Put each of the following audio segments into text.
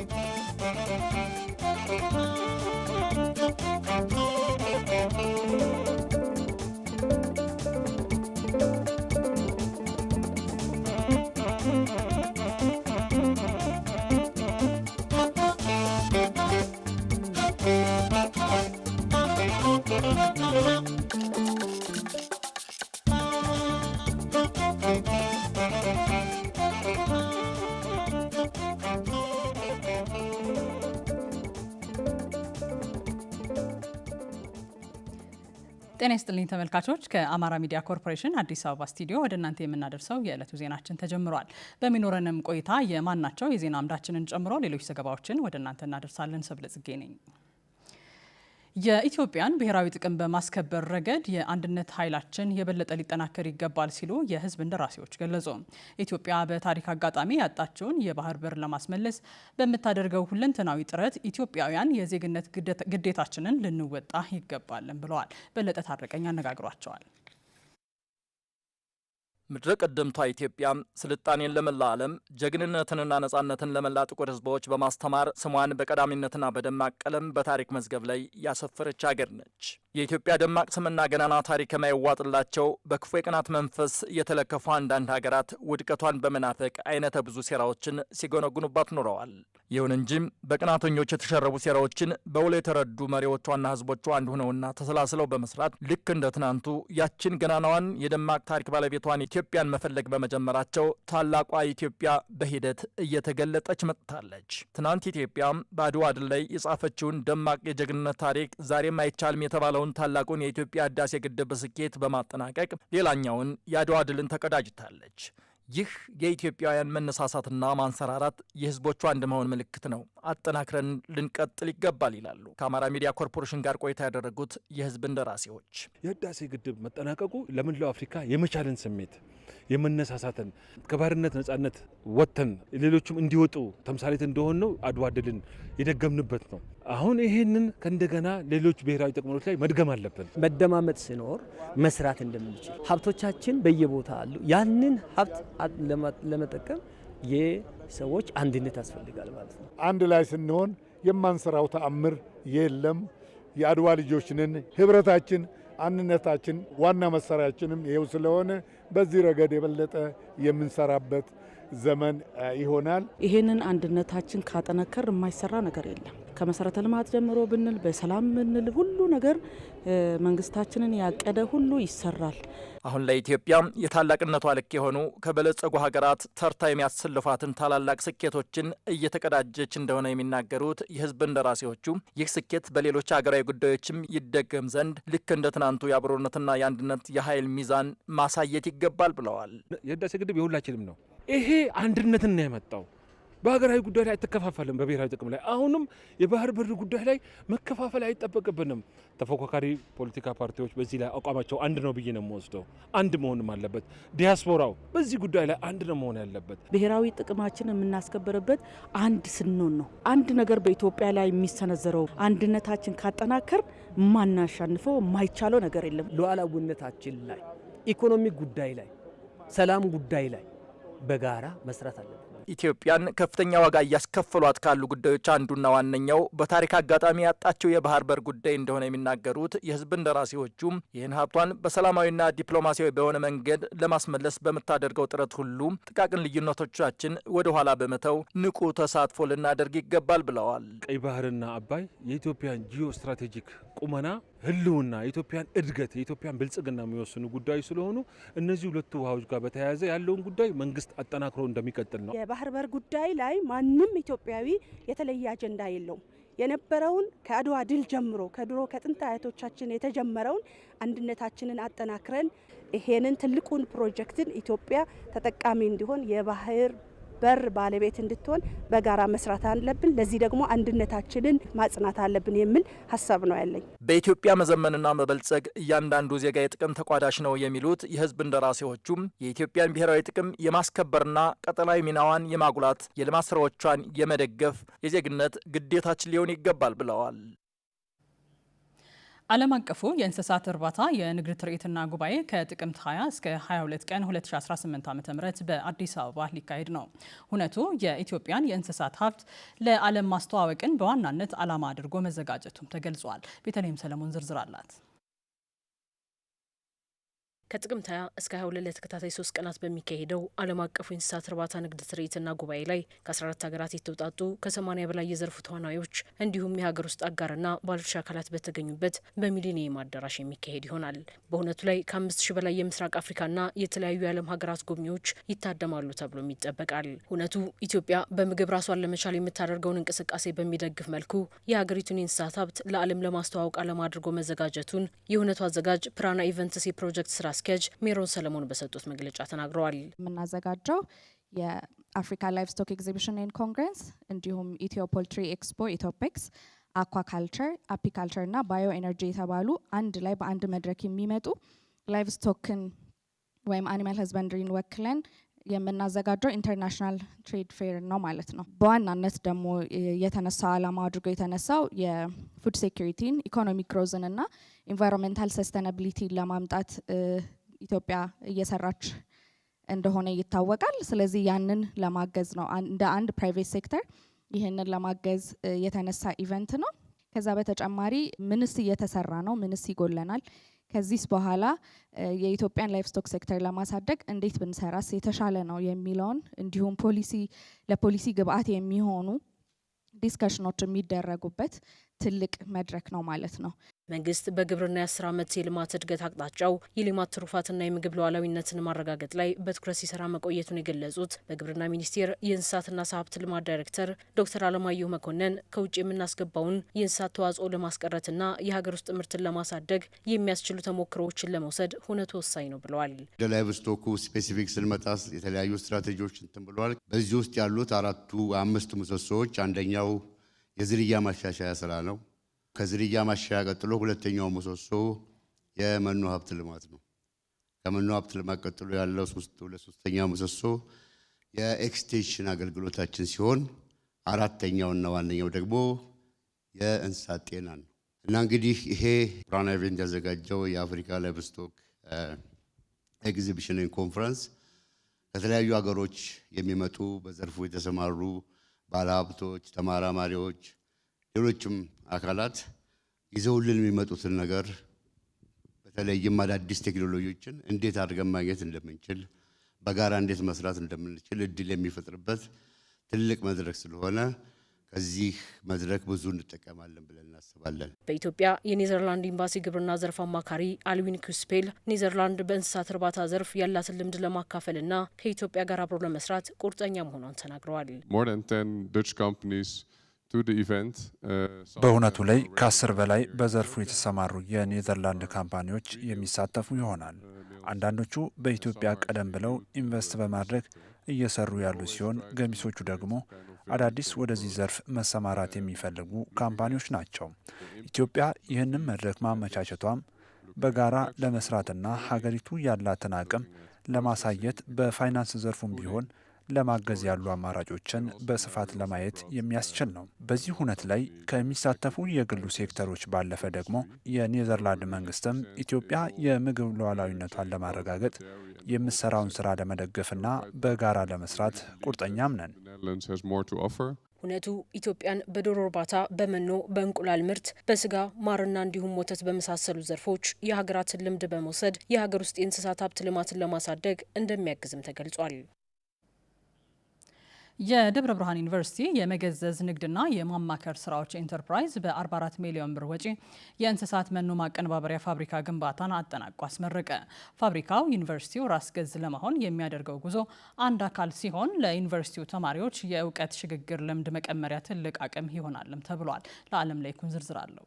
Thank you. ጤና ይስጥልኝ ተመልካቾች፣ ከአማራ ሚዲያ ኮርፖሬሽን አዲስ አበባ ስቱዲዮ ወደ እናንተ የምናደርሰው የዕለቱ ዜናችን ተጀምሯል። በሚኖረንም ቆይታ የማናቸው የዜና አምዳችንን ጨምሮ ሌሎች ዘገባዎችን ወደ እናንተ እናደርሳለን። ሰብለ ጽጌ ነኝ። የኢትዮጵያን ብሔራዊ ጥቅም በማስከበር ረገድ የአንድነት ኃይላችን የበለጠ ሊጠናከር ይገባል ሲሉ የህዝብ እንደራሴዎች ገለጹ። ኢትዮጵያ በታሪክ አጋጣሚ ያጣችውን የባህር በር ለማስመለስ በምታደርገው ሁለንተናዊ ጥረት ኢትዮጵያውያን የዜግነት ግዴታችንን ልንወጣ ይገባልን ብለዋል። በለጠ ታረቀኝ አነጋግሯቸዋል። ምድረ ቀደምቷ ኢትዮጵያ ስልጣኔን ለመላ ዓለም ጀግንነትንና ነጻነትን ለመላ ጥቁር ሕዝቦች በማስተማር ስሟን በቀዳሚነትና በደማቅ ቀለም በታሪክ መዝገብ ላይ ያሰፈረች አገር ነች። የኢትዮጵያ ደማቅ ስምና ገናና ታሪክ ከማይዋጥላቸው በክፉ የቅናት መንፈስ የተለከፉ አንዳንድ ሀገራት ውድቀቷን በመናፈቅ አይነተ ብዙ ሴራዎችን ሲጎነጉኑባት ኖረዋል። ይሁን እንጂም በቅናተኞች የተሸረቡ ሴራዎችን በውል የተረዱ መሪዎቿና ሕዝቦቿ አንድ ሆነውና ተሰላስለው በመስራት ልክ እንደ ትናንቱ ያችን ገናናዋን የደማቅ ታሪክ ባለቤቷን ኢትዮጵያን መፈለግ በመጀመራቸው ታላቋ ኢትዮጵያ በሂደት እየተገለጠች መጥታለች። ትናንት ኢትዮጵያ በአድዋ ድል ላይ የጻፈችውን ደማቅ የጀግንነት ታሪክ ዛሬም አይቻልም የተባለው። አንደኛውን ታላቁን የኢትዮጵያ ህዳሴ ግድብ ስኬት በማጠናቀቅ ሌላኛውን የአድዋ ድልን ተቀዳጅታለች። ይህ የኢትዮጵያውያን መነሳሳትና ማንሰራራት የህዝቦቹ አንድ መሆን ምልክት ነው። አጠናክረን ልንቀጥል ይገባል ይላሉ ከአማራ ሚዲያ ኮርፖሬሽን ጋር ቆይታ ያደረጉት የህዝብ እንደራሴዎች። የህዳሴ ግድብ መጠናቀቁ ለመላው አፍሪካ የመቻልን ስሜት የመነሳሳትን ከባርነት ነጻነት ወጥተን ሌሎችም እንዲወጡ ተምሳሌት እንደሆን ነው አድዋ ድልን የደገምንበት ነው። አሁን ይሄንን ከእንደገና ሌሎች ብሔራዊ ጥቅሞች ላይ መድገም አለብን። መደማመጥ ሲኖር መስራት እንደምንችል ሀብቶቻችን በየቦታ አሉ። ያንን ሀብት ለመጠቀም የሰዎች አንድነት ያስፈልጋል ማለት ነው። አንድ ላይ ስንሆን የማንሰራው ተአምር የለም። የአድዋ ልጆችንን ህብረታችን፣ አንድነታችን ዋና መሳሪያችንም ይኸው ስለሆነ በዚህ ረገድ የበለጠ የምንሰራበት ዘመን ይሆናል። ይሄንን አንድነታችን ካጠነከር የማይሰራ ነገር የለም። ከመሰረተ ልማት ጀምሮ ብንል፣ በሰላም ብንል፣ ሁሉ ነገር መንግስታችንን ያቀደ ሁሉ ይሰራል። አሁን ለኢትዮጵያ ኢትዮጵያ የታላቅነቷ ልክ የሆኑ ከበለጸጉ ሀገራት ተርታ የሚያሰልፏትን ታላላቅ ስኬቶችን እየተቀዳጀች እንደሆነ የሚናገሩት የህዝብ እንደራሴዎቹ ይህ ስኬት በሌሎች ሀገራዊ ጉዳዮችም ይደገም ዘንድ ልክ እንደ ትናንቱ የአብሮነትና የአንድነት የኃይል ሚዛን ማሳየት ይገባል ብለዋል። የህዳሴ ግድብ የሁላችንም ነው። ይሄ አንድነትን ነው ያመጣው። በሀገራዊ ጉዳይ ላይ አይተከፋፈልም። በብሔራዊ ጥቅም ላይ አሁንም የባህር በር ጉዳይ ላይ መከፋፈል አይጠበቅብንም። ተፎካካሪ ፖለቲካ ፓርቲዎች በዚህ ላይ አቋማቸው አንድ ነው ብዬ ነው የምወስደው። አንድ መሆንም አለበት። ዲያስፖራው በዚህ ጉዳይ ላይ አንድ ነው መሆን ያለበት። ብሔራዊ ጥቅማችን የምናስከብርበት አንድ ስንሆን ነው። አንድ ነገር በኢትዮጵያ ላይ የሚሰነዘረው አንድነታችን ካጠናከር ማናሻንፈው የማይቻለው ነገር የለም። ሉዓላዊነታችን ላይ ኢኮኖሚ ጉዳይ ላይ ሰላም ጉዳይ ላይ በጋራ መስራት አለብን። ኢትዮጵያን ከፍተኛ ዋጋ እያስከፈሏት ካሉ ጉዳዮች አንዱና ዋነኛው በታሪክ አጋጣሚ ያጣቸው የባህር በር ጉዳይ እንደሆነ የሚናገሩት የህዝብ እንደራሴዎቹም ይህን ሀብቷን በሰላማዊና ዲፕሎማሲያዊ በሆነ መንገድ ለማስመለስ በምታደርገው ጥረት ሁሉ ጥቃቅን ልዩነቶቻችን ወደ ኋላ በመተው ንቁ ተሳትፎ ልናደርግ ይገባል ብለዋል። ቀይ ባህርና አባይ የኢትዮጵያን ጂኦ ስትራቴጂክ ቁመና ህልውና የኢትዮጵያን እድገት የኢትዮጵያን ብልጽግና የሚወስኑ ጉዳዮች ስለሆኑ እነዚህ ሁለቱ ውሃዎች ጋር በተያያዘ ያለውን ጉዳይ መንግስት አጠናክሮ እንደሚቀጥል ነው። የባህር በር ጉዳይ ላይ ማንም ኢትዮጵያዊ የተለየ አጀንዳ የለውም። የነበረውን ከአድዋ ድል ጀምሮ ከድሮ ከጥንት አያቶቻችን የተጀመረውን አንድነታችንን አጠናክረን ይሄንን ትልቁን ፕሮጀክትን ኢትዮጵያ ተጠቃሚ እንዲሆን የባህር በር ባለቤት እንድትሆን በጋራ መስራት አለብን። ለዚህ ደግሞ አንድነታችንን ማጽናት አለብን የሚል ሀሳብ ነው ያለኝ። በኢትዮጵያ መዘመንና መበልጸግ እያንዳንዱ ዜጋ የጥቅም ተቋዳሽ ነው የሚሉት የህዝብ እንደራሴዎቹም የኢትዮጵያን ብሔራዊ ጥቅም የማስከበርና ቀጠናዊ ሚናዋን የማጉላት የልማት ስራዎቿን የመደገፍ የዜግነት ግዴታችን ሊሆን ይገባል ብለዋል። ዓለም አቀፉ የእንስሳት እርባታ የንግድ ትርኢትና ጉባኤ ከጥቅምት 20 እስከ 22 ቀን 2018 ዓ ም በአዲስ አበባ ሊካሄድ ነው። ሁነቱ የኢትዮጵያን የእንስሳት ሀብት ለዓለም ማስተዋወቅን በዋናነት ዓላማ አድርጎ መዘጋጀቱም ተገልጿል። ቤተልሔም ሰለሞን ዝርዝር አላት። ከጥቅምት 20 እስከ 22 ለተከታታይ ሶስት ቀናት በሚካሄደው ዓለም አቀፉ የእንስሳት እርባታ ንግድ ትርኢትና ጉባኤ ላይ ከ14 ሀገራት የተውጣጡ ከ80 በላይ የዘርፉ ተዋናዮች እንዲሁም የሀገር ውስጥ አጋርና ባለድርሻ አካላት በተገኙበት በሚሊኒየም አዳራሽ የሚካሄድ ይሆናል። በእውነቱ ላይ ከ5000 በላይ የምስራቅ አፍሪካና የተለያዩ የዓለም ሀገራት ጎብኚዎች ይታደማሉ ተብሎም ይጠበቃል። እውነቱ ኢትዮጵያ በምግብ ራሷን ለመቻል የምታደርገውን እንቅስቃሴ በሚደግፍ መልኩ የሀገሪቱን የእንስሳት ሀብት ለዓለም ለማስተዋወቅ አለም አድርጎ መዘጋጀቱን የእውነቱ አዘጋጅ ፕራና ኢቨንትስ የፕሮጀክት ስራ አስኪያጅ ሜሮን ሰለሞን በሰጡት መግለጫ ተናግረዋል። የምናዘጋጀው የአፍሪካ ስቶክ ኤግዚቢሽን ኤንድ ኮንግረስ እንዲሁም ኢትዮ ፖልትሪ ኤክስፖ ኢትዮፒክስ አኳካልቸር፣ አፒካልቸር እና ባዮ ኤነርጂ የተባሉ አንድ ላይ በአንድ መድረክ የሚመጡ ላይቭ ስቶክን ወይም አኒማል ሀዝበንድሪን ወክለን የምናዘጋጀው ኢንተርናሽናል ትሬድ ፌር ነው ማለት ነው። በዋናነት ደግሞ የተነሳው አላማ አድርጎ የተነሳው የፉድ ሴኩሪቲን ኢኮኖሚክ ግሮዝን እና ኢንቫይሮንሜንታል ሰስተናብሊቲ ለማምጣት ኢትዮጵያ እየሰራች እንደሆነ ይታወቃል። ስለዚህ ያንን ለማገዝ ነው እንደ አንድ ፕራይቬት ሴክተር ይህንን ለማገዝ የተነሳ ኢቨንት ነው። ከዛ በተጨማሪ ምንስ እየተሰራ ነው? ምንስ ይጎለናል? ከዚህስ በኋላ የኢትዮጵያን ላይፍ ስቶክ ሴክተር ለማሳደግ እንዴት ብንሰራስ የተሻለ ነው የሚለውን እንዲሁም ፖሊሲ ለፖሊሲ ግብአት የሚሆኑ ዲስከሽኖች የሚደረጉበት ትልቅ መድረክ ነው ማለት ነው። መንግስት በግብርና የአስር ዓመት የልማት እድገት አቅጣጫው የልማት ትሩፋትና የምግብ ሉዓላዊነትን ማረጋገጥ ላይ በትኩረት ሲሰራ መቆየቱን የገለጹት በግብርና ሚኒስቴር የእንስሳትና ዓሳ ሀብት ልማት ዳይሬክተር ዶክተር አለማየሁ መኮንን ከውጭ የምናስገባውን የእንስሳት ተዋጽኦ ለማስቀረትና የሀገር ውስጥ ምርትን ለማሳደግ የሚያስችሉ ተሞክሮዎችን ለመውሰድ ሁነቱ ወሳኝ ነው ብለዋል። ወደ ላይቭስቶኩ ስፔሲፊክ ስንመጣ የተለያዩ ስትራቴጂዎች እንትን ብለዋል። በዚህ ውስጥ ያሉት አራቱ አምስት ምሰሶዎች አንደኛው የዝርያ ማሻሻያ ስራ ነው። ከዝርያ ማሻያ ቀጥሎ ሁለተኛው ምሰሶ የመኖ ሀብት ልማት ነው። ከመኖ ሀብት ልማት ቀጥሎ ያለው ሁለት ሶስተኛው ምሰሶ የኤክስቴንሽን አገልግሎታችን ሲሆን አራተኛውና ዋነኛው ደግሞ የእንስሳት ጤና ነው እና እንግዲህ ይሄ ብራውን ኢቨንት ያዘጋጀው የአፍሪካ ላይቭስቶክ ኤግዚቢሽን ኮንፈረንስ ከተለያዩ ሀገሮች የሚመጡ በዘርፉ የተሰማሩ ባለሀብቶች፣ ተመራማሪዎች ሌሎችም አካላት ይዘውልን የሚመጡትን ነገር በተለይም አዳዲስ ቴክኖሎጂዎችን እንዴት አድርገን ማግኘት እንደምንችል በጋራ እንዴት መስራት እንደምንችል እድል የሚፈጥርበት ትልቅ መድረክ ስለሆነ ከዚህ መድረክ ብዙ እንጠቀማለን ብለን እናስባለን። በኢትዮጵያ የኔዘርላንድ ኤምባሲ ግብርና ዘርፍ አማካሪ አልዊን ክስፔል ኔዘርላንድ በእንስሳት እርባታ ዘርፍ ያላትን ልምድ ለማካፈልና ከኢትዮጵያ ጋር አብሮ ለመስራት ቁርጠኛ መሆኗን ተናግረዋል። Uh, በእውነቱ ላይ ከአስር በላይ በዘርፉ የተሰማሩ የኔዘርላንድ uh, ካምፓኒዎች የሚሳተፉ uh, ይሆናል። አንዳንዶቹ በኢትዮጵያ ቀደም ብለው ኢንቨስት በማድረግ እየሰሩ ያሉ ሲሆን፣ ገሚሶቹ ደግሞ አዳዲስ ወደዚህ ዘርፍ መሰማራት የሚፈልጉ ካምፓኒዎች ናቸው። ኢትዮጵያ ይህንን መድረክ ማመቻቸቷም በጋራ ለመስራትና ሀገሪቱ ያላትን አቅም ለማሳየት በፋይናንስ ዘርፉም ቢሆን ለማገዝ ያሉ አማራጮችን በስፋት ለማየት የሚያስችል ነው። በዚህ ሁነት ላይ ከሚሳተፉ የግሉ ሴክተሮች ባለፈ ደግሞ የኔዘርላንድ መንግስትም ኢትዮጵያ የምግብ ሉዓላዊነቷን ለማረጋገጥ የምሰራውን ስራ ለመደገፍና በጋራ ለመስራት ቁርጠኛም ነን። እውነቱ ኢትዮጵያን በዶሮ እርባታ፣ በመኖ፣ በእንቁላል ምርት፣ በስጋ ማርና እንዲሁም ወተት በመሳሰሉ ዘርፎች የሀገራትን ልምድ በመውሰድ የሀገር ውስጥ የእንስሳት ሀብት ልማትን ለማሳደግ እንደሚያግዝም ተገልጿል። የደብረ ብርሃን ዩኒቨርሲቲ የመገዘዝ ንግድና የማማከር ስራዎች ኢንተርፕራይዝ በ44 ሚሊዮን ብር ወጪ የእንስሳት መኖ ማቀነባበሪያ ፋብሪካ ግንባታን አጠናቆ አስመረቀ። ፋብሪካው ዩኒቨርሲቲው ራስ ገዝ ለመሆን የሚያደርገው ጉዞ አንድ አካል ሲሆን ለዩኒቨርሲቲው ተማሪዎች የእውቀት ሽግግር ልምድ መቀመሪያ ትልቅ አቅም ይሆናልም ተብሏል። ለዓለም ላይኩን ዝርዝር አለው።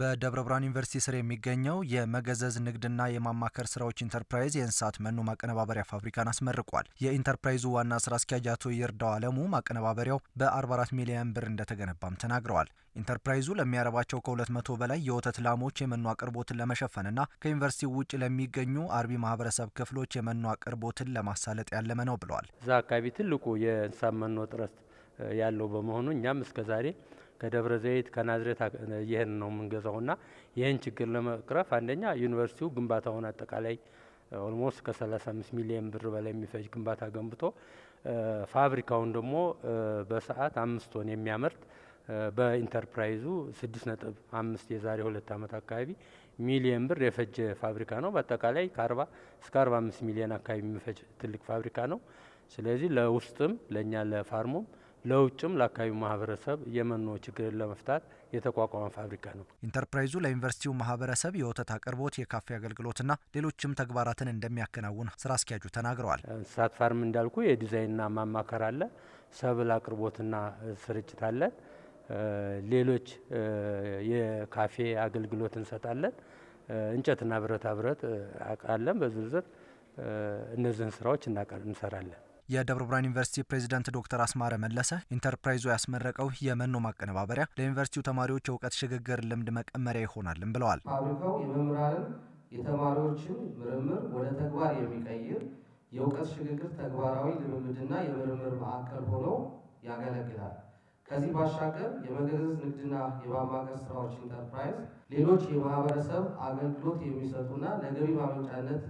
በደብረ ብርሃን ዩኒቨርሲቲ ስር የሚገኘው የመገዘዝ ንግድና የማማከር ስራዎች ኢንተርፕራይዝ የእንስሳት መኖ ማቀነባበሪያ ፋብሪካን አስመርቋል። የኢንተርፕራይዙ ዋና ስራ አስኪያጅ አቶ ይርዳው አለሙ ማቀነባበሪያው በ44 ሚሊዮን ብር እንደተገነባም ተናግረዋል። ኢንተርፕራይዙ ለሚያረባቸው ከ200 በላይ የወተት ላሞች የመኖ አቅርቦትን ለመሸፈንና ከዩኒቨርሲቲ ውጭ ለሚገኙ አርቢ ማህበረሰብ ክፍሎች የመኖ አቅርቦትን ለማሳለጥ ያለመ ነው ብለዋል። እዛ አካባቢ ትልቁ የእንስሳት መኖ እጥረት ያለው በመሆኑ እኛም እስከዛሬ ከደብረ ዘይት ከናዝሬት ይህን ነው ና ይህን ችግር ለመቅረፍ አንደኛ ዩኒቨርሲቲው ግንባታውን አጠቃላይ ኦልሞስት ከ35 ሚሊዮን ብር በላይ የሚፈጅ ግንባታ ገንብቶ ፋብሪካውን ደግሞ በሰዓት አምስት ቶን የሚያመርት በኢንተርፕራይዙ 6.5 የዛሬ ሁለት ዓመት አካባቢ ሚሊየን ብር የፈጀ ፋብሪካ ነው። በአጠቃላይ ከ40 እስከ 45 ሚሊዮን አካባቢ የሚፈጅ ትልቅ ፋብሪካ ነው። ስለዚህ ለውስጥም ለእኛ ለፋርሙም ለውጭም ለአካባቢው ማህበረሰብ የመኖ ችግርን ለመፍታት የተቋቋመ ፋብሪካ ነው። ኢንተርፕራይዙ ለዩኒቨርሲቲው ማህበረሰብ የወተት አቅርቦት፣ የካፌ አገልግሎትና ሌሎችም ተግባራትን እንደሚያከናውን ስራ አስኪያጁ ተናግረዋል። እንስሳት ፋርም እንዳልኩ የዲዛይንና ማማከር አለ፣ ሰብል አቅርቦትና ስርጭት አለን። ሌሎች የካፌ አገልግሎት እንሰጣለን። እንጨትና ብረታ ብረት አለን። በዝርዝር እነዚህን ስራዎች እንሰራለን። የደብረ ብርሃን ዩኒቨርሲቲ ፕሬዚዳንት ዶክተር አስማረ መለሰ ኢንተርፕራይዙ ያስመረቀው የመኖ ማቀነባበሪያ ለዩኒቨርሲቲው ተማሪዎች የእውቀት ሽግግር ልምድ መቀመሪያ ይሆናልም ብለዋል። ፋብሪካው የመምህራንን የተማሪዎችን ምርምር ወደ ተግባር የሚቀይር የእውቀት ሽግግር ተግባራዊ ልምምድና የምርምር ማዕከል ሆኖ ያገለግላል። ከዚህ ባሻገር የመገዘዝ ንግድና የማማከር ስራዎች ኢንተርፕራይዝ ሌሎች የማህበረሰብ አገልግሎት የሚሰጡና ለገቢ ማመንጫነት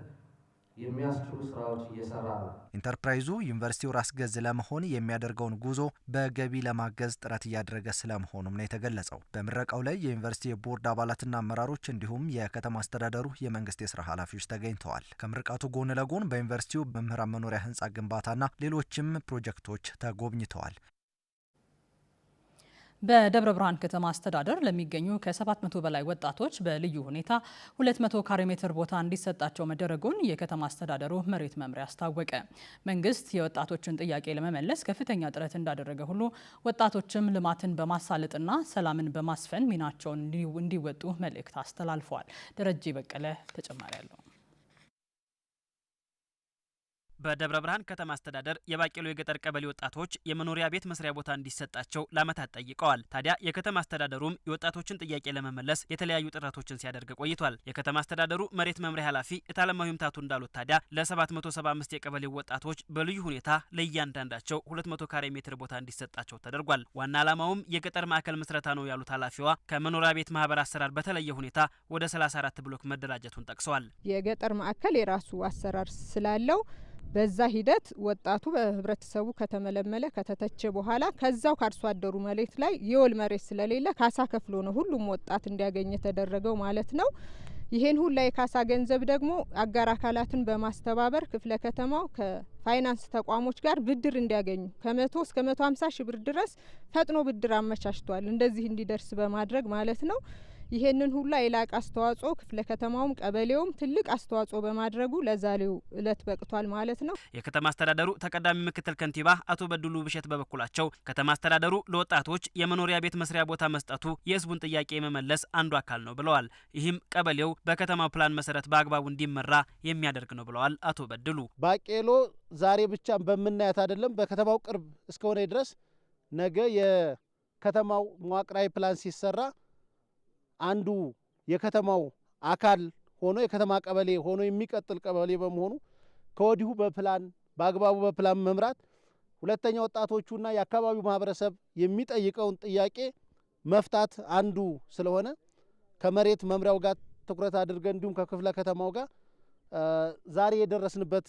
የሚያስችሉ ስራዎች እየሰራ ነው። ኢንተርፕራይዙ ዩኒቨርሲቲው ራስ ገዝ ለመሆን የሚያደርገውን ጉዞ በገቢ ለማገዝ ጥረት እያደረገ ስለመሆኑም ነው የተገለጸው። በምረቃው ላይ የዩኒቨርሲቲ የቦርድ አባላትና አመራሮች እንዲሁም የከተማ አስተዳደሩ የመንግስት የስራ ኃላፊዎች ተገኝተዋል። ከምርቃቱ ጎን ለጎን በዩኒቨርሲቲው መምህራን መኖሪያ ህንፃ ግንባታና ሌሎችም ፕሮጀክቶች ተጎብኝተዋል። በደብረ ብርሃን ከተማ አስተዳደር ለሚገኙ ከ700 በላይ ወጣቶች በልዩ ሁኔታ 200 ካሬ ሜትር ቦታ እንዲሰጣቸው መደረጉን የከተማ አስተዳደሩ መሬት መምሪያ አስታወቀ። መንግስት የወጣቶችን ጥያቄ ለመመለስ ከፍተኛ ጥረት እንዳደረገ ሁሉ ወጣቶችም ልማትን በማሳለጥና ሰላምን በማስፈን ሚናቸውን እንዲወጡ መልእክት አስተላልፏል። ደረጀ በቀለ ተጨማሪ አለው። በደብረ ብርሃን ከተማ አስተዳደር የባቄሎ የገጠር ቀበሌ ወጣቶች የመኖሪያ ቤት መስሪያ ቦታ እንዲሰጣቸው ለዓመታት ጠይቀዋል። ታዲያ የከተማ አስተዳደሩም የወጣቶችን ጥያቄ ለመመለስ የተለያዩ ጥረቶችን ሲያደርግ ቆይቷል። የከተማ አስተዳደሩ መሬት መምሪያ ኃላፊ የታለማዊ ታቱ እንዳሉት ታዲያ ለ775 የቀበሌው ወጣቶች በልዩ ሁኔታ ለእያንዳንዳቸው 200 ካሬ ሜትር ቦታ እንዲሰጣቸው ተደርጓል። ዋና ዓላማውም የገጠር ማዕከል ምስረታ ነው ያሉት ኃላፊዋ ከመኖሪያ ቤት ማህበር አሰራር በተለየ ሁኔታ ወደ 34 ብሎክ መደራጀቱን ጠቅሰዋል። የገጠር ማዕከል የራሱ አሰራር ስላለው በዛ ሂደት ወጣቱ በህብረተሰቡ ከተመለመለ ከተተቸ በኋላ ከዛው ከአርሶ አደሩ መሬት ላይ የወል መሬት ስለሌለ ካሳ ከፍሎ ነው ሁሉም ወጣት እንዲያገኝ የተደረገው ማለት ነው። ይሄን ሁላ የካሳ ገንዘብ ደግሞ አጋር አካላትን በማስተባበር ክፍለ ከተማው ከፋይናንስ ተቋሞች ጋር ብድር እንዲያገኙ ከመቶ እስከ መቶ ሀምሳ ሺ ብር ድረስ ፈጥኖ ብድር አመቻችቷል። እንደዚህ እንዲደርስ በማድረግ ማለት ነው። ይሄንን ሁላ የላቅ አስተዋጽኦ ክፍለ ከተማውም ቀበሌውም ትልቅ አስተዋጽኦ በማድረጉ ለዛሬው እለት በቅቷል ማለት ነው። የከተማ አስተዳደሩ ተቀዳሚ ምክትል ከንቲባ አቶ በድሉ ብሸት በበኩላቸው ከተማ አስተዳደሩ ለወጣቶች የመኖሪያ ቤት መስሪያ ቦታ መስጠቱ የህዝቡን ጥያቄ የመመለስ አንዱ አካል ነው ብለዋል። ይህም ቀበሌው በከተማው ፕላን መሰረት በአግባቡ እንዲመራ የሚያደርግ ነው ብለዋል አቶ በድሉ። ባቄሎ ዛሬ ብቻ በምናያት አይደለም፣ በከተማው ቅርብ እስከሆነ ድረስ ነገ የከተማው መዋቅራዊ ፕላን ሲሰራ አንዱ የከተማው አካል ሆኖ የከተማ ቀበሌ ሆኖ የሚቀጥል ቀበሌ በመሆኑ ከወዲሁ በፕላን በአግባቡ በፕላን መምራት፣ ሁለተኛ ወጣቶቹና የአካባቢው ማህበረሰብ የሚጠይቀውን ጥያቄ መፍታት አንዱ ስለሆነ ከመሬት መምሪያው ጋር ትኩረት አድርገን እንዲሁም ከክፍለ ከተማው ጋር ዛሬ የደረስንበት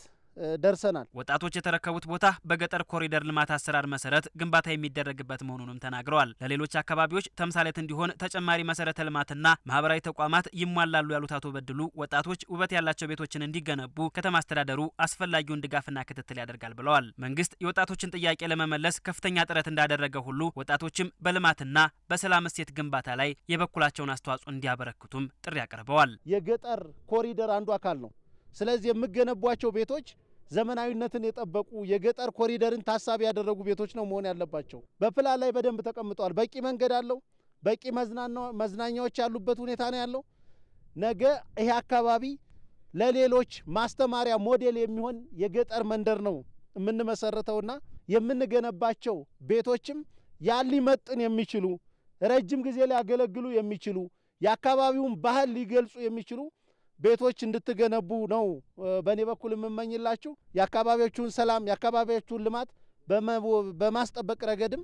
ደርሰናል። ወጣቶች የተረከቡት ቦታ በገጠር ኮሪደር ልማት አሰራር መሰረት ግንባታ የሚደረግበት መሆኑንም ተናግረዋል። ለሌሎች አካባቢዎች ተምሳሌት እንዲሆን ተጨማሪ መሰረተ ልማትና ማህበራዊ ተቋማት ይሟላሉ ያሉት አቶ በድሉ ወጣቶች ውበት ያላቸው ቤቶችን እንዲገነቡ ከተማ አስተዳደሩ አስፈላጊውን ድጋፍና ክትትል ያደርጋል ብለዋል። መንግስት የወጣቶችን ጥያቄ ለመመለስ ከፍተኛ ጥረት እንዳደረገ ሁሉ ወጣቶችም በልማትና በሰላም እሴት ግንባታ ላይ የበኩላቸውን አስተዋጽኦ እንዲያበረክቱም ጥሪ አቅርበዋል። የገጠር ኮሪደር አንዱ አካል ነው። ስለዚህ የሚገነቧቸው ቤቶች ዘመናዊነትን የጠበቁ የገጠር ኮሪደርን ታሳቢ ያደረጉ ቤቶች ነው መሆን ያለባቸው። በፕላን ላይ በደንብ ተቀምጠዋል። በቂ መንገድ አለው። በቂ መዝናኛዎች ያሉበት ሁኔታ ነው ያለው። ነገ ይሄ አካባቢ ለሌሎች ማስተማሪያ ሞዴል የሚሆን የገጠር መንደር ነው የምንመሰረተውና የምንገነባቸው ቤቶችም ያን ሊመጥን የሚችሉ ረጅም ጊዜ ሊያገለግሉ የሚችሉ የአካባቢውን ባህል ሊገልጹ የሚችሉ ቤቶች እንድትገነቡ ነው በእኔ በኩል የምመኝላችሁ። የአካባቢዎቹን ሰላም የአካባቢዎቹን ልማት በማስጠበቅ ረገድም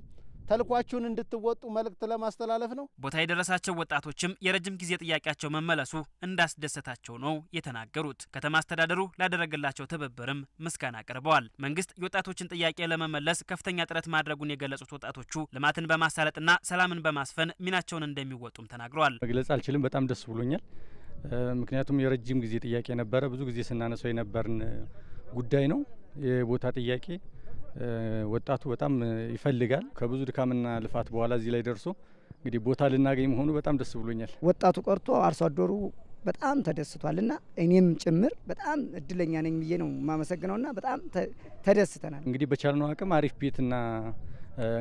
ተልኳችሁን እንድትወጡ መልእክት ለማስተላለፍ ነው። ቦታ የደረሳቸው ወጣቶችም የረጅም ጊዜ ጥያቄያቸው መመለሱ እንዳስደሰታቸው ነው የተናገሩት። ከተማ አስተዳደሩ ላደረገላቸው ትብብርም ምስጋና አቅርበዋል። መንግስት የወጣቶችን ጥያቄ ለመመለስ ከፍተኛ ጥረት ማድረጉን የገለጹት ወጣቶቹ ልማትን በማሳለጥና ሰላምን በማስፈን ሚናቸውን እንደሚወጡም ተናግረዋል። መግለጽ አልችልም። በጣም ደስ ብሎኛል። ምክንያቱም የረጅም ጊዜ ጥያቄ ነበረ። ብዙ ጊዜ ስናነሳው የነበርን ጉዳይ ነው። የቦታ ጥያቄ ወጣቱ በጣም ይፈልጋል። ከብዙ ድካምና ልፋት በኋላ እዚህ ላይ ደርሶ እንግዲህ ቦታ ልናገኝ መሆኑ በጣም ደስ ብሎኛል። ወጣቱ ቀርቶ አርሶ አደሩ በጣም ተደስቷል እኔም ጭምር በጣም እድለኛ ነኝ ብዬ ነው የማመሰግነውና በጣም ተደስተናል። እንግዲህ በቻልነው አቅም አሪፍ ቤትና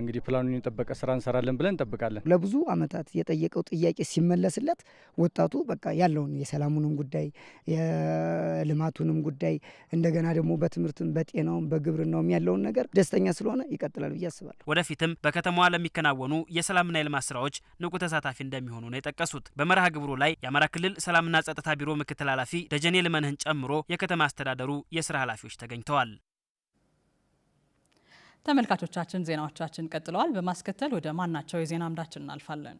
እንግዲህ ፕላኑን የጠበቀ ስራ እንሰራለን ብለን እንጠብቃለን። ለብዙ አመታት የጠየቀው ጥያቄ ሲመለስለት ወጣቱ በቃ ያለውን የሰላሙንም ጉዳይ የልማቱንም ጉዳይ እንደገና ደግሞ በትምህርትም በጤናውም በግብርናውም ያለውን ነገር ደስተኛ ስለሆነ ይቀጥላል ብዬ አስባለሁ። ወደፊትም በከተማዋ ለሚከናወኑ የሰላምና የልማት ስራዎች ንቁ ተሳታፊ እንደሚሆኑ ነው የጠቀሱት። በመርሃ ግብሩ ላይ የአማራ ክልል ሰላምና ጸጥታ ቢሮ ምክትል ኃላፊ ደጀኔ ልመንህን ጨምሮ የከተማ አስተዳደሩ የስራ ኃላፊዎች ተገኝተዋል። ተመልካቾቻችን ዜናዎቻችን ቀጥለዋል። በማስከተል ወደ ማናቸው የዜና አምዳችን እናልፋለን።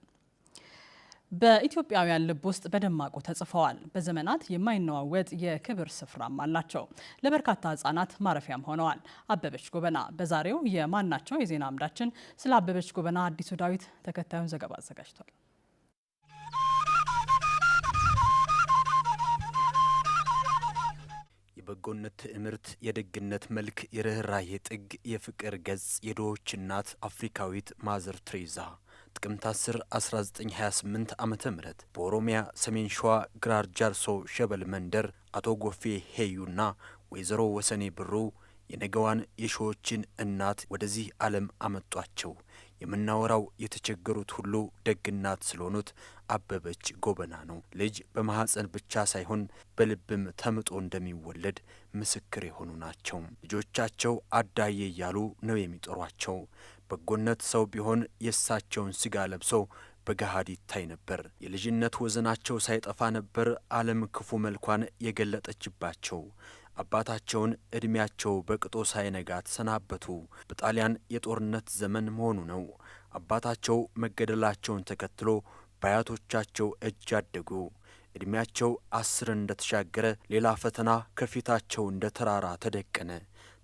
በኢትዮጵያውያን ልብ ውስጥ በደማቁ ተጽፈዋል። በዘመናት የማይነዋወጥ የክብር ስፍራም አላቸው። ለበርካታ ሕጻናት ማረፊያም ሆነዋል። አበበች ጎበና በዛሬው የማናቸው የዜና አምዳችን ስለ አበበች ጎበና አዲሱ ዳዊት ተከታዩን ዘገባ አዘጋጅቷል። የበጎነት ትዕምርት፣ የደግነት መልክ፣ የርኅራዬ ጥግ፣ የፍቅር ገጽ፣ የድሆች እናት አፍሪካዊት ማዘር ትሬዛ ጥቅምት 10 1928 ዓ ም በኦሮሚያ ሰሜን ሸዋ ግራር ጃርሶ ሸበል መንደር አቶ ጎፌ ሄዩና ወይዘሮ ወሰኔ ብሩ የነገዋን የሺዎችን እናት ወደዚህ ዓለም አመጧቸው። የምናወራው የተቸገሩት ሁሉ ደግናት ስለሆኑት አበበች ጎበና ነው። ልጅ በማህፀን ብቻ ሳይሆን በልብም ተምጦ እንደሚወለድ ምስክር የሆኑ ናቸው። ልጆቻቸው አዳዬ እያሉ ነው የሚጠሯቸው። በጎነት ሰው ቢሆን የእሳቸውን ስጋ ለብሶ በገሃድ ይታይ ነበር። የልጅነት ወዘናቸው ሳይጠፋ ነበር ዓለም ክፉ መልኳን የገለጠችባቸው። አባታቸውን እድሜያቸው በቅጦ ሳይነጋ ተሰናበቱ። በጣሊያን የጦርነት ዘመን መሆኑ ነው። አባታቸው መገደላቸውን ተከትሎ በአያቶቻቸው እጅ አደጉ። እድሜያቸው አስር እንደተሻገረ ሌላ ፈተና ከፊታቸው እንደ ተራራ ተደቀነ።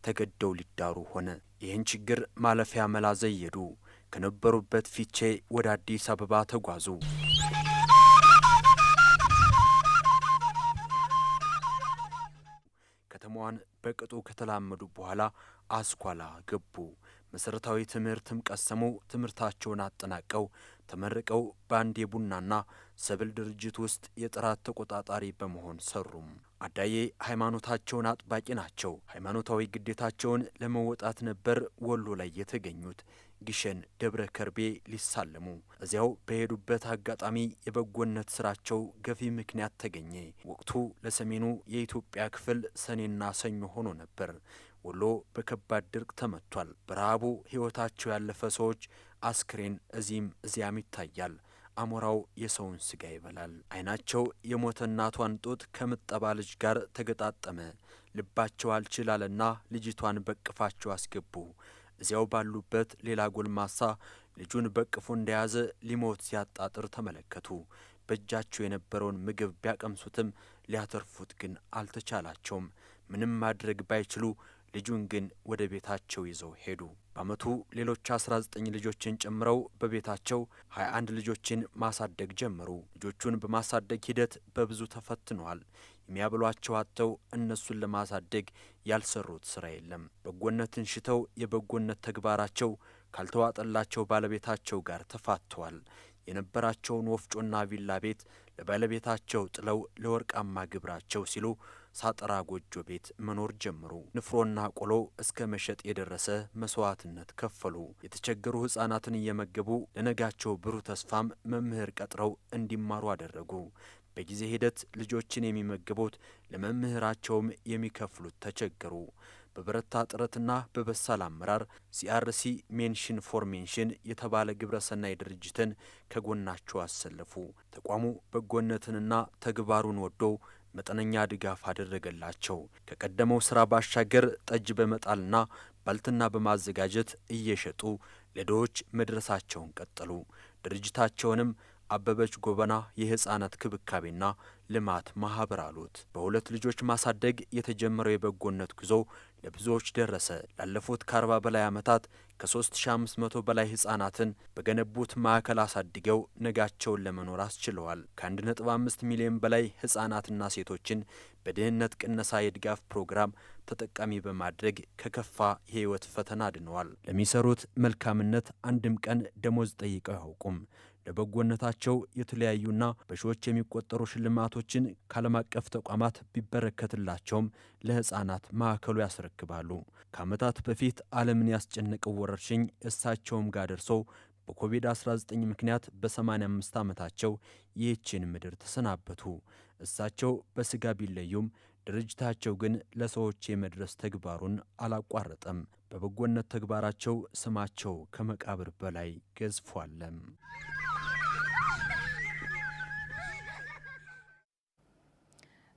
ተገደው ሊዳሩ ሆነ። ይህን ችግር ማለፊያ መላ ዘየዱ። ከነበሩበት ፊቼ ወደ አዲስ አበባ ተጓዙ። በቅጡ ከተላመዱ በኋላ አስኳላ ገቡ። መሰረታዊ ትምህርትም ቀሰሙ። ትምህርታቸውን አጠናቀው ተመርቀው በአንድ የቡናና ሰብል ድርጅት ውስጥ የጥራት ተቆጣጣሪ በመሆን ሰሩም። አዳዬ ሃይማኖታቸውን አጥባቂ ናቸው። ሃይማኖታዊ ግዴታቸውን ለመወጣት ነበር ወሎ ላይ የተገኙት። ግሸን ደብረ ከርቤ ሊሳለሙ እዚያው በሄዱበት አጋጣሚ የበጎነት ስራቸው ገፊ ምክንያት ተገኘ። ወቅቱ ለሰሜኑ የኢትዮጵያ ክፍል ሰኔና ሰኞ ሆኖ ነበር። ወሎ በከባድ ድርቅ ተመቷል። በረሃቡ ሕይወታቸው ያለፈ ሰዎች አስክሬን እዚህም እዚያም ይታያል። አሞራው የሰውን ስጋ ይበላል። አይናቸው የሞተ እናቷን ጡት ከምጠባ ልጅ ጋር ተገጣጠመ። ልባቸው አልችላልና ልጅቷን በቅፋቸው አስገቡ። እዚያው ባሉበት ሌላ ጎልማሳ ልጁን በቅፎ እንደያዘ ሊሞት ሲያጣጥር ተመለከቱ። በእጃቸው የነበረውን ምግብ ቢያቀምሱትም ሊያተርፉት ግን አልተቻላቸውም። ምንም ማድረግ ባይችሉ ልጁን ግን ወደ ቤታቸው ይዘው ሄዱ። በዓመቱ ሌሎች 19 ልጆችን ጨምረው በቤታቸው 21 ልጆችን ማሳደግ ጀመሩ። ልጆቹን በማሳደግ ሂደት በብዙ ተፈትኗል። የሚያብሏቸው አጥተው እነሱን ለማሳደግ ያልሰሩት ስራ የለም። በጎነትን ሽተው የበጎነት ተግባራቸው ካልተዋጠላቸው ባለቤታቸው ጋር ተፋተዋል። የነበራቸውን ወፍጮና ቪላ ቤት ለባለቤታቸው ጥለው ለወርቃማ ግብራቸው ሲሉ ሳጥራ ጎጆ ቤት መኖር ጀምሩ። ንፍሮና ቆሎ እስከ መሸጥ የደረሰ መስዋዕትነት ከፈሉ። የተቸገሩ ሕፃናትን እየመገቡ ለነጋቸው ብሩህ ተስፋም መምህር ቀጥረው እንዲማሩ አደረጉ። በጊዜ ሂደት ልጆችን የሚመግቡት ለመምህራቸውም የሚከፍሉት ተቸገሩ። በበረታ ጥረትና በበሳል አመራር ሲአርሲ ሜንሽን ፎር ሜንሽን የተባለ ግብረሰናይ ድርጅትን ከጎናቸው አሰለፉ። ተቋሙ በጎነትንና ተግባሩን ወዶ መጠነኛ ድጋፍ አደረገላቸው። ከቀደመው ስራ ባሻገር ጠጅ በመጣልና ባልትና በማዘጋጀት እየሸጡ ለድሆች መድረሳቸውን ቀጠሉ። ድርጅታቸውንም አበበች ጎበና የህፃናት ክብካቤና ልማት ማህበር አሉት። በሁለት ልጆች ማሳደግ የተጀመረው የበጎነት ጉዞ ለብዙዎች ደረሰ። ላለፉት ከ40 በላይ ዓመታት ከ3500 በላይ ህፃናትን በገነቡት ማዕከል አሳድገው ነጋቸውን ለመኖር አስችለዋል። ከ1.5 ሚሊዮን በላይ ህፃናትና ሴቶችን በድህነት ቅነሳ የድጋፍ ፕሮግራም ተጠቃሚ በማድረግ ከከፋ የህይወት ፈተና አድነዋል። ለሚሰሩት መልካምነት አንድም ቀን ደሞዝ ጠይቀው አያውቁም። ለበጎነታቸው የተለያዩና በሺዎች የሚቆጠሩ ሽልማቶችን ከዓለም አቀፍ ተቋማት ቢበረከትላቸውም ለሕፃናት ማዕከሉ ያስረክባሉ። ከዓመታት በፊት ዓለምን ያስጨነቀው ወረርሽኝ እሳቸውም ጋር ደርሰው በኮቪድ-19 ምክንያት በ85 ዓመታቸው ይህችን ምድር ተሰናበቱ። እሳቸው በስጋ ቢለዩም ድርጅታቸው ግን ለሰዎች የመድረስ ተግባሩን አላቋረጠም። በበጎነት ተግባራቸው ስማቸው ከመቃብር በላይ ገዝፏለም።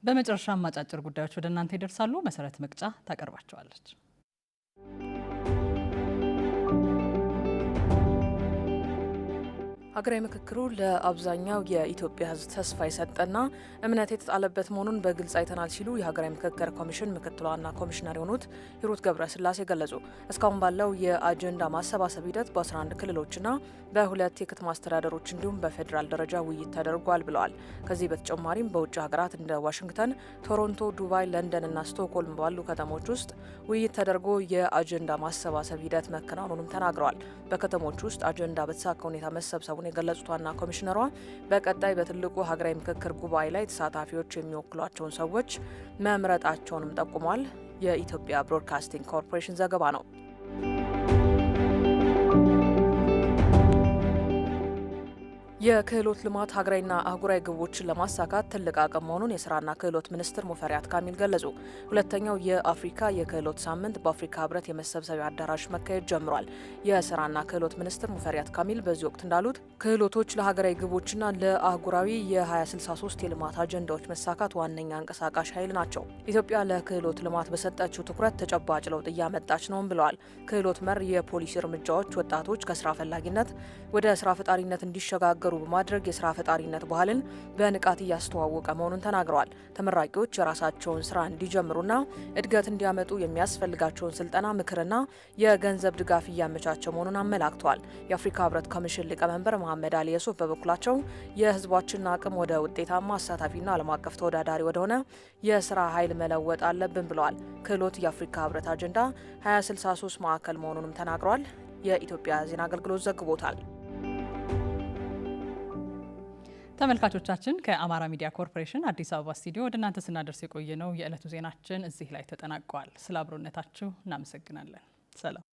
በመጨረሻም አጫጭር ጉዳዮች ወደ እናንተ ይደርሳሉ። መሰረት መቅጫ ታቀርባቸዋለች። ሀገራዊ ምክክሩ ለአብዛኛው የኢትዮጵያ ሕዝብ ተስፋ የሰጠና እምነት የተጣለበት መሆኑን በግልጽ አይተናል ሲሉ የሀገራዊ ምክክር ኮሚሽን ምክትል ዋና ኮሚሽነር የሆኑት ሂሩት ገብረስላሴ ገለጹ። እስካሁን ባለው የአጀንዳ ማሰባሰብ ሂደት በ11 ክልሎችና በሁለት የከተማ አስተዳደሮች እንዲሁም በፌዴራል ደረጃ ውይይት ተደርጓል ብለዋል። ከዚህ በተጨማሪም በውጭ ሀገራት እንደ ዋሽንግተን፣ ቶሮንቶ፣ ዱባይ፣ ለንደንና ስቶክሆልም ባሉ ከተሞች ውስጥ ውይይት ተደርጎ የአጀንዳ ማሰባሰብ ሂደት መከናወኑንም ተናግረዋል። በከተሞች ውስጥ አጀንዳ በተሳካ ሁኔታ መሰብሰቡ መጠናቀቁን የገለጹት ዋና ኮሚሽነሯ በቀጣይ በትልቁ ሀገራዊ ምክክር ጉባኤ ላይ ተሳታፊዎች የሚወክሏቸውን ሰዎች መምረጣቸውንም ጠቁሟል። የኢትዮጵያ ብሮድካስቲንግ ኮርፖሬሽን ዘገባ ነው። የክህሎት ልማት ሀገራዊና አህጉራዊ ግቦችን ለማሳካት ትልቅ አቅም መሆኑን የስራና ክህሎት ሚኒስትር ሙፈሪያት ካሚል ገለጹ። ሁለተኛው የአፍሪካ የክህሎት ሳምንት በአፍሪካ ህብረት የመሰብሰቢያ አዳራሽ መካሄድ ጀምሯል። የስራና ክህሎት ሚኒስትር ሙፈሪያት ካሚል በዚህ ወቅት እንዳሉት ክህሎቶች ለሀገራዊ ግቦችና ለአህጉራዊ የ2063 የልማት አጀንዳዎች መሳካት ዋነኛ አንቀሳቃሽ ኃይል ናቸው። ኢትዮጵያ ለክህሎት ልማት በሰጠችው ትኩረት ተጨባጭ ለውጥ እያመጣች ነውም ብለዋል። ክህሎት መር የፖሊሲ እርምጃዎች ወጣቶች ከስራ ፈላጊነት ወደ ስራ ፈጣሪነት እንዲሸጋገሩ እንዲሰሩ በማድረግ የስራ ፈጣሪነት ባህልን በንቃት እያስተዋወቀ መሆኑን ተናግረዋል። ተመራቂዎች የራሳቸውን ስራ እንዲጀምሩና እድገት እንዲያመጡ የሚያስፈልጋቸውን ስልጠና፣ ምክርና የገንዘብ ድጋፍ እያመቻቸ መሆኑን አመላክተዋል። የአፍሪካ ህብረት ኮሚሽን ሊቀመንበር መሐመድ አሊ የሱፍ በበኩላቸው የህዝባችንን አቅም ወደ ውጤታማ አሳታፊና ዓለም አቀፍ ተወዳዳሪ ወደሆነ የስራ ኃይል መለወጥ አለብን ብለዋል። ክህሎት የአፍሪካ ህብረት አጀንዳ 2063 ማዕከል መሆኑንም ተናግረዋል። የኢትዮጵያ ዜና አገልግሎት ዘግቦታል። ተመልካቾቻችን ከአማራ ሚዲያ ኮርፖሬሽን አዲስ አበባ ስቱዲዮ ወደ እናንተ ስናደርስ የቆየ ነው የዕለቱ ዜናችን እዚህ ላይ ተጠናቋል። ስለ አብሮነታችሁ እናመሰግናለን። ሰላም